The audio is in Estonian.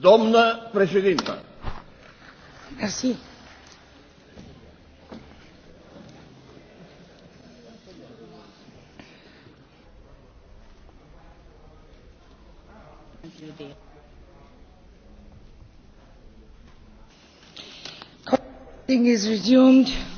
Doamnă președintă! Mersi. meeting is resumed.